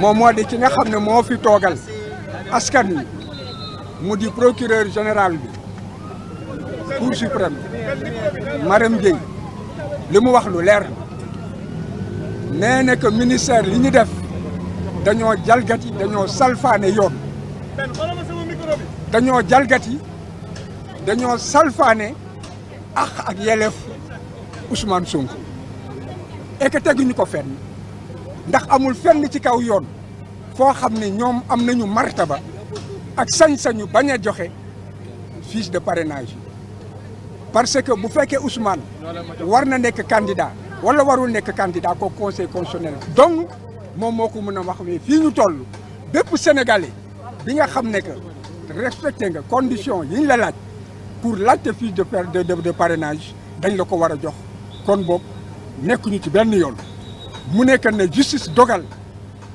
moom moo di ci nga xam ne moo fi toogal askan wi mu di procureur général bi cour suprême Marème Gueye li mu wax lu leer nee na que ministère li ñu def dañoo jalgati dañoo salfaane yoon dañoo jalgati dañoo salfaane ak ak yelef Ousmane Sonko et que teguñu ko fenn ndax amul fenn ci kaw yoon foo xam ne ñoom am nañu martaba ak sañ-sañu bañ a joxe fiche de parrainage parce que bu fekkee Ousmane war na nekk candidat wala warul nekk candidat ko conseil constitutionnel donc moom moo ko mën a wax mais fii ñu toll bépp sénégalais bi nga xam ne que respecté nga condition yi la laaj pour laajte fiche de de parrainage dañ la ko war a jox kon boobu nekkuñu ci benn yoon. mu nekk ne justice dogal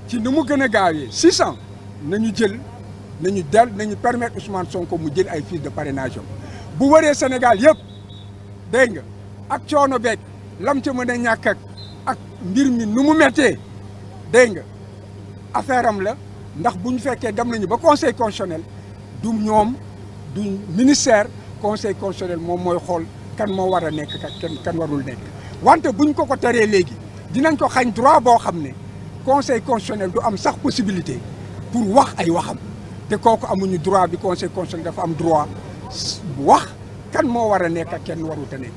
ci nu mu gën a gaawee 600 nañu jël nañu del nañu permettre Ousmane Sonko mu jël ay fiches de parrainage bu waree Sénégal yëpp dégg nga ak coono beeg lam ca mën a ñàkk ak mbir mi nu mu méttee dégg nga affaire am la ndax bu ñu fekkee dem nañu ba conseil constitutionnel du ñoom du ministère conseil constitutionnel moom mooy xool kan moo war nekk kan kan warul nekk wante buñ ko ko teree léegi. dinañ ko xañ droit boo xam ne conseil constitutionnel du am sax possibilité pour wax ay waxam te kooku amuñu droit bi conseil constitutionnel dafa am droit wax kan moo war a nekk ak kenn warut a nekk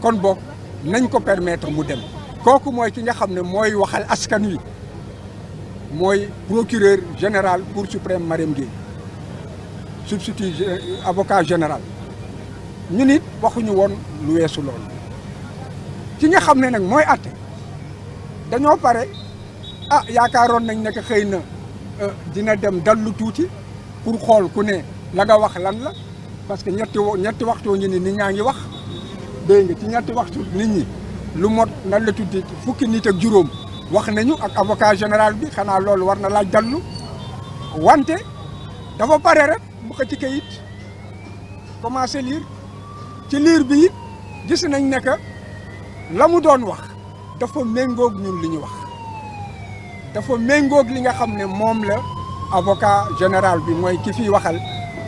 kon boog nañ ko permettre mu dem kooku mooy ki nga xam ne mooy waxal askan wi mooy procureur général pour suprême Marème Gueye substitut euh, avocat général ñu nit waxuñu woon lu weesu loolu ki nga xam ne nag mooy àtte dañoo pare ah yaakaaroon nañ ne xëy na euh, dina dem dallu tuuti pour xool ku ne la nga wax lan la parce que ñetti ñetti waxtu ngi ni nit ñaa ngi wax dégg nga ci ñetti waxtu nit ñi lu mot nan la tuddi fukki nit ak juróom wax nañu ak avocat général bi xanaa loolu war na laaj dallu wante dafa pare rek mu ci kayit commencé lire ci liir bi it gis nañ ne que la mu doon wax dafa méngoog ñun lu ñu wax dafa méngoog li nga xam ne moom la avocat général bi mooy ki fiy waxal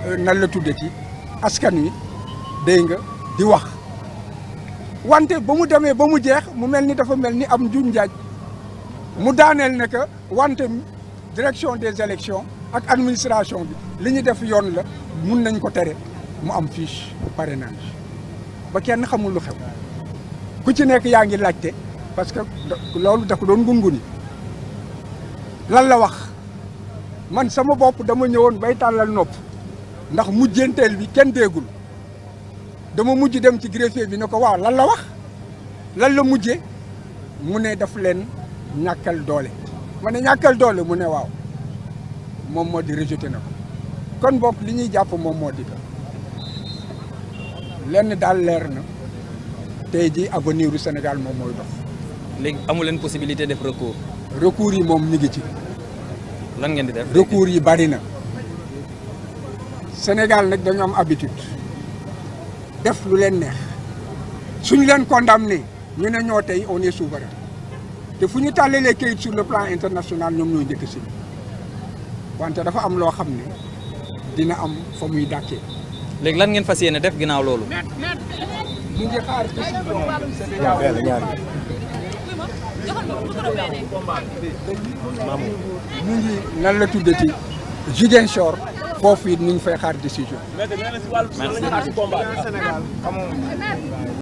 euh, nan la tudde ci askan wi dégg nga di wax wante ba mu demee ba mu jeex mu mel ni dafa mel ni am njuñ njaaj mu daaneel ne wante direction des élections ak administration bi li ñu def yoon la mun nañ ko tere mu am fiche parrainage ba kenn xamul lu xew ku ci nekk yaa ngi laajte parce que loolu da ko doon ngunguni lan la wax man sama bopp dama ñëwoon bay tàllal nopp ndax mujjenteel bi kenn déggul dama mujj dem ci greffier bi ne ko waaw lan la wax lan la mujjee mu ne daf leen ñàkkal doole ma ne ñàkkal doole mu ne waaw moom moo di rejeté na ko kon bopp li ñuy jàpp moom moo di ko lenn daal leer na te ji avenir u Sénégal moom mooy dox léegi amu leen possibilité def recours. recours yi moom ñu ngi ci. lan ngeen di def recours yi bari na. Sénégal nag dañu am habitude def lu leen neex suñu leen condamné ñu ne ñoo tey on est souverain te fu ñu tàllalee kayit sur le plan international ñoom ñoo njëkk si wante dafa am loo xam ne dina am fa muy dàkkee. léegi lan ngeen fas yéene def ginnaaw loolu. mu ngi xaar ñu ngi nan la tuddati Ziguinchor foofu it ñu ngi fay xaar décision. merci.